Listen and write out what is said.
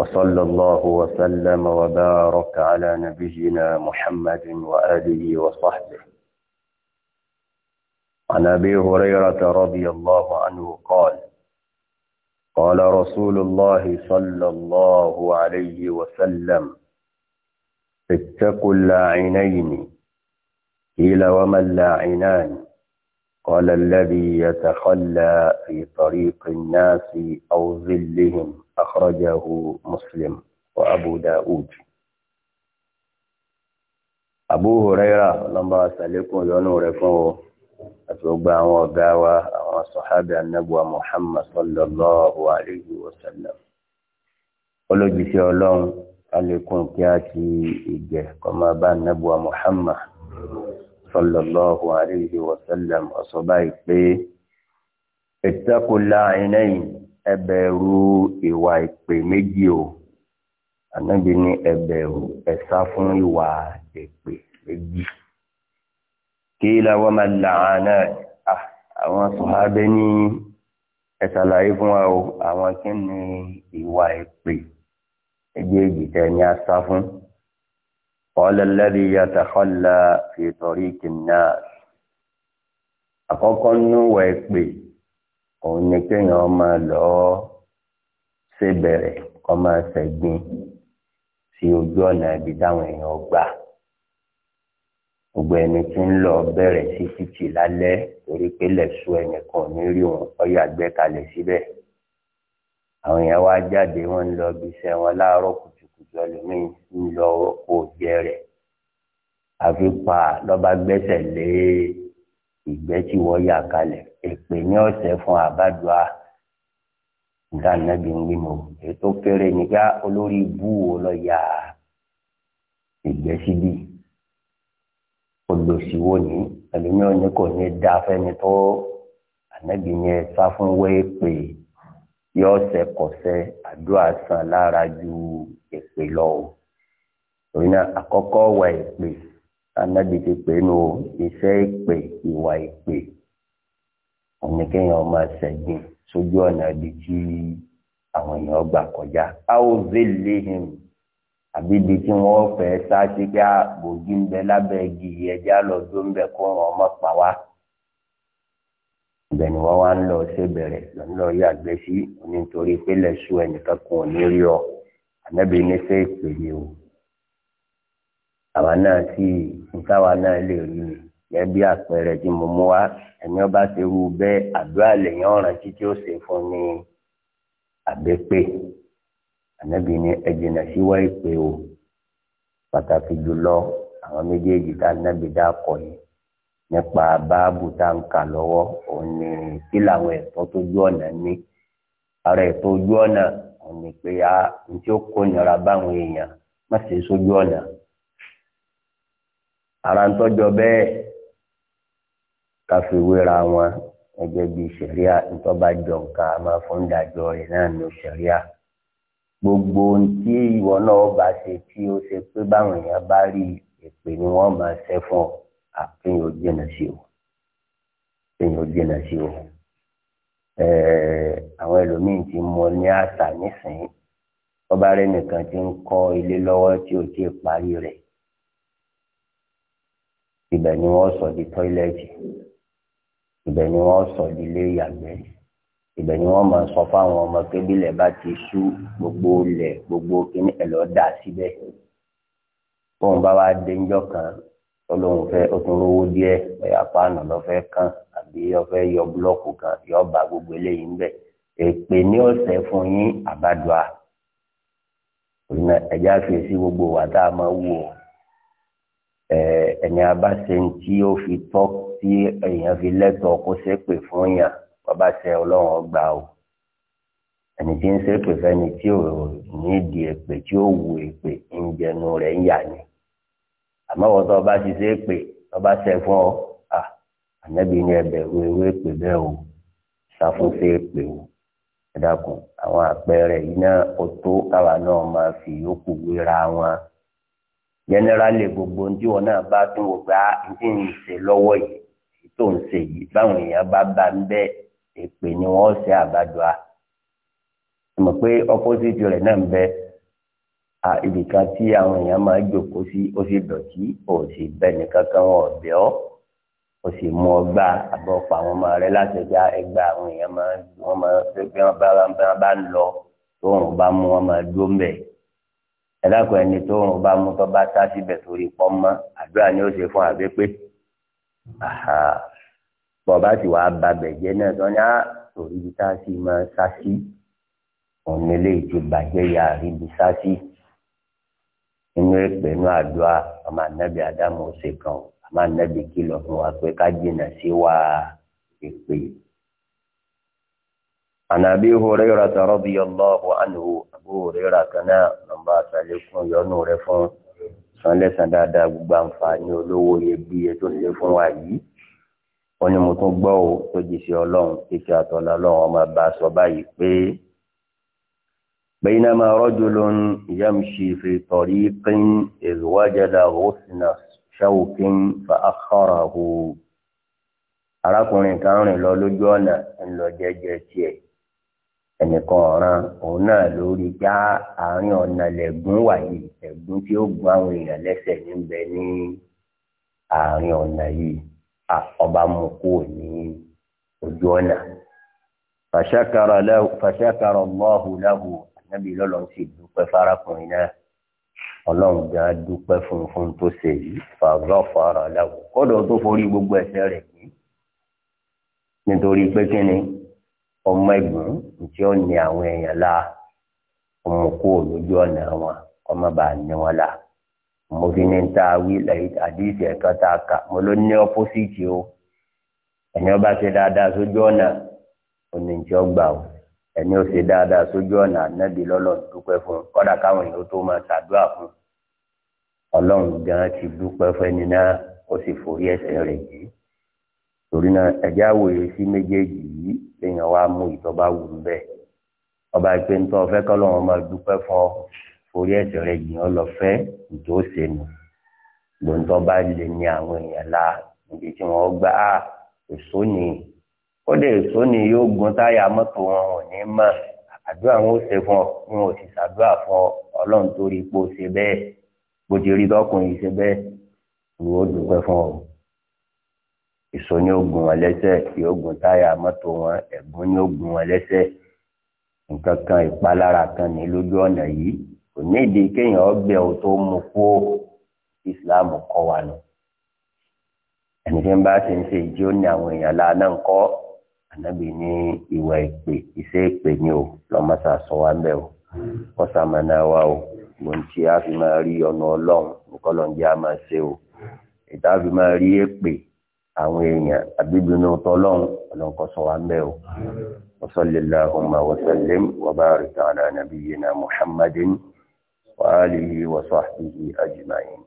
وصلى الله وسلم وبارك على نبينا محمد وآله وصحبه عن أبي هريرة رضي الله عنه قال قال رسول الله صلى الله عليه وسلم اتقوا اللاعنين قيل وما اللاعنان قال الذي يتخلى في طريق الناس أو ظلهم أخرجه مسلم وأبو داود Abu Huraira lọ́nba sàlékún lọ́nà rẹ̀ fún ọ àti ọgbà àwọn ọ̀gá wa àwọn sọ̀hábì anábùwà Muhammad sallallahu alayhi wa sallam. olójúṣe ọlọ́run alékún kí á ti ìgẹ̀ kọ́má bá anábùwà Muhammad sallallahu alayhi wa sallam ọ̀sọ́ báyìí pé ittaqu la'inayn ẹbẹ̀rù ìwà ìpè méjì o ànábì ní ẹbẹ̀rù ẹ̀sá fún ìwà ìpè méjì kí làwọn máa là á náà àwọn sọ̀hábẹ́ ní ẹ̀sàlàyé fún wa o àwọn kí ni ìwà ìpè méjèèjì tẹ̀ ní asá fún. قال الذي يتخلى في طريق الناس àkọ́kọ́ nú wà ìpè òun ni kéèyàn máa lọ ṣe bẹ̀rẹ̀ kọ́ máa ṣẹ̀gbìn sí ojú ọ̀nà ibi táwọn èèyàn gbà gbogbo ẹni tí ń lọ bẹ̀rẹ̀ sí títì lálẹ́ torí pé lẹ̀ṣọ́ ẹnìkan ní rí òun ọyà gbẹ́kalẹ̀ síbẹ̀ àwọn èèyàn wá jáde wọn lọ ibi iṣẹ́ wọn láàárọ̀ kùtùkùtù ẹlòmíín ń lọ oko jẹ rẹ̀ àfi lọ́ba gbẹ́sẹ̀ lé e ìgbẹ́ tí wọ́n yà kalẹ̀ èpè ní ọ̀sẹ̀ fún àbádùá nǹkan nàbí ń gbìmọ̀ èyí tó kéré nígbà olórí ibú wo lọ yà ìgbẹ́ síbi olùsíwò ní ẹlòmíràn ní kò ní dá fẹ́ni tó ànábì yẹn sá fún wẹ́ẹ̀pẹ̀ yọ ọ̀sẹ̀kọ̀sẹ̀ àdúrà san lára ju èpè lọ torí náà àkọ́kọ́ wà èpè anabi ti pè é nu iṣẹ́ ìpè ìwà ìpè òní kéèyàn máa ṣẹ̀gbìn sójú ọ̀nà ibi tí àwọn èèyàn gbà kọjá áwòzélihìn àbí ibi tí wọ́n fẹ́ sáàsì pé àbòjì ah, ń bẹ lábẹ́ igi ẹja lọ́dún ń bẹ kó wọn ọmọ pa wá ibẹ̀ ni wọ́n wá ń lọ ṣe bẹ̀rẹ̀ lọ́n lọ yí àgbẹ̀ sí nítorí pé lẹ́sùn ẹnìkan kan ò ní rí ọ ànábì ní ṣe ìpè ni o àwa náà sì nítawà náà lè rí mi gẹ́gẹ́ bí àpẹẹrẹ tí mo mú wá ẹ̀mí ọba ṣe rú bẹ́ẹ̀ àdúrà lèyàn ọ̀ràn títí ó ṣe fún ní àbẹ́pẹ́ ànábì ní ẹ̀jìnà síwá ìpè o pàtàkì jùlọ àwọn méjèèjì tá ànábì dá kọ yìí nípa báàbù tá à ń kà lọ́wọ́ òun ni kí làwọn ẹ̀tọ́ tójú ọ̀nà ní ara ẹ̀tọ́ ojú ọ̀nà òun ni pé a ní tí ó kó nira báwọn èèyàn má ṣe sójú ọ̀nà ara ń tọ́jọ bẹ́ẹ̀ ká fi wéra wọn gẹ́gẹ́ bí sẹ̀ríà ntọ́ba jọ nǹkan a máa fún ìdájọ́ rẹ̀ náà ní sẹ̀ríà gbogbo tí ìwọ náà bá ṣe tí ó ṣe pé báwọn èèyàn bá rí èpè ni wọ́n máa ṣẹ́ fún ọ àfihàn ó jìnà sí o àfihàn ó jìnà sí o àwọn ẹlòmíín ti mọ ní àṣà nísìnyí ọba rẹ nìkan ti ń kọ́ ilé lọ́wọ́ tí o ti parí rẹ̀ ibẹ̀ ni wọ́n sọ di tọ́ílẹ̀tì ibẹ̀ ni wọ́n sọ di ilé ìyàgbẹ́ ibẹ̀ ni wọ́n máa sọ fáwọn ọmọ pé bílẹ̀ bá ti sú gbogbo ilẹ̀ gbogbo kíní ẹ̀ lọ́ọ́ dà síbẹ̀ tóun bá wá dé ńjọ́ kan olóhùn fẹ́ ó tún rówó díẹ̀ ẹ̀yà páànù lọ́fẹ́ kan àbí ọfẹ́ yọ búlọ́ọ̀kù kan yọ ba gbogbo eléyìí ń bẹ̀ èpè ní ọ̀sẹ̀ fún yín àbádọ́à ẹ̀já fèsì gbogbo wà tá a máa wù ọ́ Eh, ẹni abáṣe tí ó fi tọ́ tí èèyàn fi lẹ́tọ̀ọ́ kó ṣépè fún yàn bàbá ṣe ọlọ́run gbà o ẹni tí ń ṣépè fẹ́ni tí ò nídìí èpè tí ó wu èpè ń jẹnu rẹ̀ ń yà ni àmọ́ wọ́n tó bá ti ṣépè bàbá ṣe fún ọ à ànábì ni ẹbẹ̀rù ewé pè bẹ́ẹ̀ o ṣàfúnṣe pè o ẹ dákun àwọn àpẹẹrẹ yìí náà ó tó káwa náà máa fi yókù wéra wọn. Generali gbogbo ntí wọn náà bá tún wò pé ah ntí ń ṣe lọ́wọ́ yìí èyí tó ń ṣe ni wọn ṣe àbájọ a mọ̀ pé ọpọ́sìtì rẹ̀ náà ń bẹ a ibì kan tí àwọn èèyàn máa jòkó sí ó sì dọ̀tí ó sì bẹ́ni kankan wọn ọ̀bẹ ọ́ ó sì mú ọgbà àbọ̀pọ̀ àwọn ọmọ rẹ láti já ẹgbẹ́ àwọn èèyàn máa wọ́n máa fẹ́ bí wọ́n bá ń lọ tóun bá mú wọn máa dúró mẹ́ẹ̀ ẹ̀dàkùn ẹni tó ń bá mú tó bá sá síbẹ̀ torí pọ́nmọ́ àdúrà ni ó ṣe fún àbí pé bọ̀bá sì wàá babẹ̀ jẹ́ náà tó ní á torí ibi tá a sì máa sá sí òun nílé ìtì bàjẹ́ yà ríbi sá sí inú èpè inú àdúrà ọmọ ànábì ádámù ó ṣe kàn ọmọ ànábì kìlọ̀ fún wa pé ká jìnnà sí wa èpè. عن أبي هريرة رضي الله عنه أبو هريرة كان bá àtàlékún yọnu rẹ fún san lẹ́sàn dáadáa gbogbo àǹfààní olówó iyebíye tó ṣe fún wa yìí ó ní mo tún gbọ́ ò tó di sí ọlọ́run kíkẹ́ àtọ́lá ọlọ́run ọmọ bá sọ báyìí pé بينما رجل يمشي في طريق إذ وجد غصن شوك فأخره arákùnrin kan rìn lọ lójú ọ̀nà ńlọ tiẹ̀ ẹnìkan ọ̀ràn òun náà lórí já àárín ọ̀nà lẹ̀gún wàyí ẹ̀gún tí ó gun àwọn èèyàn lẹ́sẹ̀ níbẹ̀ ní àárín ọ̀nà yìí ọba mú kúrò ní ojú ọ̀nà. fàṣàkàrọ̀ lọ́hùn láhùn ànábì lọ́lọ́ sì dúpẹ́ fárakùnrin náà ọlọ́run gbà dúpẹ́ fún fún tó ṣe yìí fàrọ̀ fara láhùn kọ́dọ̀ tó forí gbogbo ẹ̀ṣẹ̀ rẹ̀ kí nítorí pé kí ni. ọmọ ìgbín tí ó ní àwọn èèyàn la ọmọ kó lójú ọ̀nà wọn ọmọ bá ní wọn la mo fi ní ta wí tá a kà mo ló ní ọ́pọ́sìtì o ẹni ọba ṣe dáadáa sójú ọ̀nà o ẹni ó ṣe dáadáa sójú ọ̀nà lọ́lọ́ dúpẹ́ fún un kọ́dà káwọn èèyàn tó máa ṣàdúrà fún un ọlọ́run gan ti dúpẹ́ fún ẹni náà ó sì forí rẹ̀ yìí. torí náà ẹ̀já wòye sí méjèèjì yìí lèèyàn wá mú ìtọ́ba wù ú bẹ́ẹ̀ ọba ìpè ń tọ́ ọ̀fẹ́ kọ́lọ́wọ́n máa dúpẹ́ fún ọ ẹ̀sẹ̀ rẹ̀ jìn ọ́ lọ fẹ́ lè ní àwọn èèyàn la níbi tí wọ́n gbá èso ni ó lè èso ni yóò gun táyà mọ́tò wọn ò ní mọ̀ àdúrà wọn ò ṣe fún ọ wọn ò sì ṣàdúrà fún ọ ọlọ́run torí pé ó ṣe bẹ́ẹ̀ bó ti rí lọ́kùnrin ṣe bẹ́ẹ̀ ni ó dúpẹ́ fún ọ ìṣó ni ó gùn wọn lẹ́sẹ̀ yóò gùn táyà mọ́tò wọn ẹ̀gún ni ó gùn wọn lẹ́sẹ̀ nǹkan kan ìpalára kan ní lójú ọ̀nà yìí kò ní ìdí kéèyàn ọgbẹ́ ò tó mú kó Islam kọ́ wa nù ẹni tí ń bá ti ń ṣe ìjí ó ní àwọn èèyàn lánà ń kọ́ ànábì ní ìwà ìpè iṣẹ́ ìpè ni o lọ́mọ́sà sọ wa mẹ́ o kọ́sàmánà wa o gbòǹtì á fi máa rí ọ̀nà ọlọ́run nìkọ́ lọ́njẹ́ á máa ṣe o ìta fi máa rí èpè àwọn èèyàn àbíbinú tọ́lọ́hún ọlọ́nkọ́ sọ wá ń bẹ́ o. وصل اللهم وسلم وبارك على نبينا محمد وآله وصحبه أجمعين